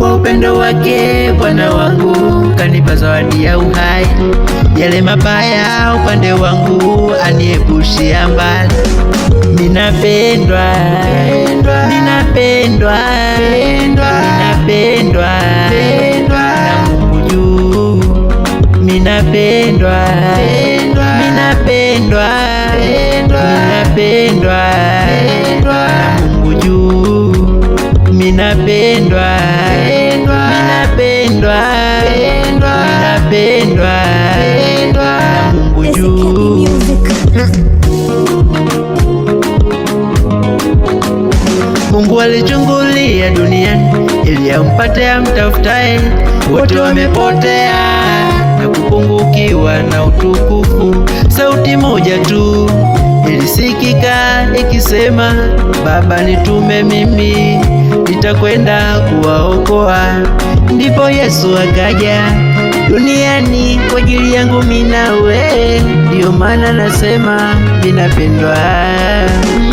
Kwa upendo wake Bwana wangu kanipa zawadi ya uhai, yale mabaya upande wangu aniepushia mbali. Ninapendwa, ninapendwa, ninapendwa na Mungu juu, ninapendwa, ninapendwa, ninapendwa na Mungu juu, ninapendwa pendwa na Mungu juu Mungu alichungulia duniani ili ampate amtafutaye, wote wamepotea na kupungukiwa na utukufu. Sauti moja tu ilisikika ikisema, Baba, nitume mimi, nitakwenda kuwaokoa. Ndipo Yesu akaja duniani kwa ajili yangu minawe, ndio maana nasema ninapendwa.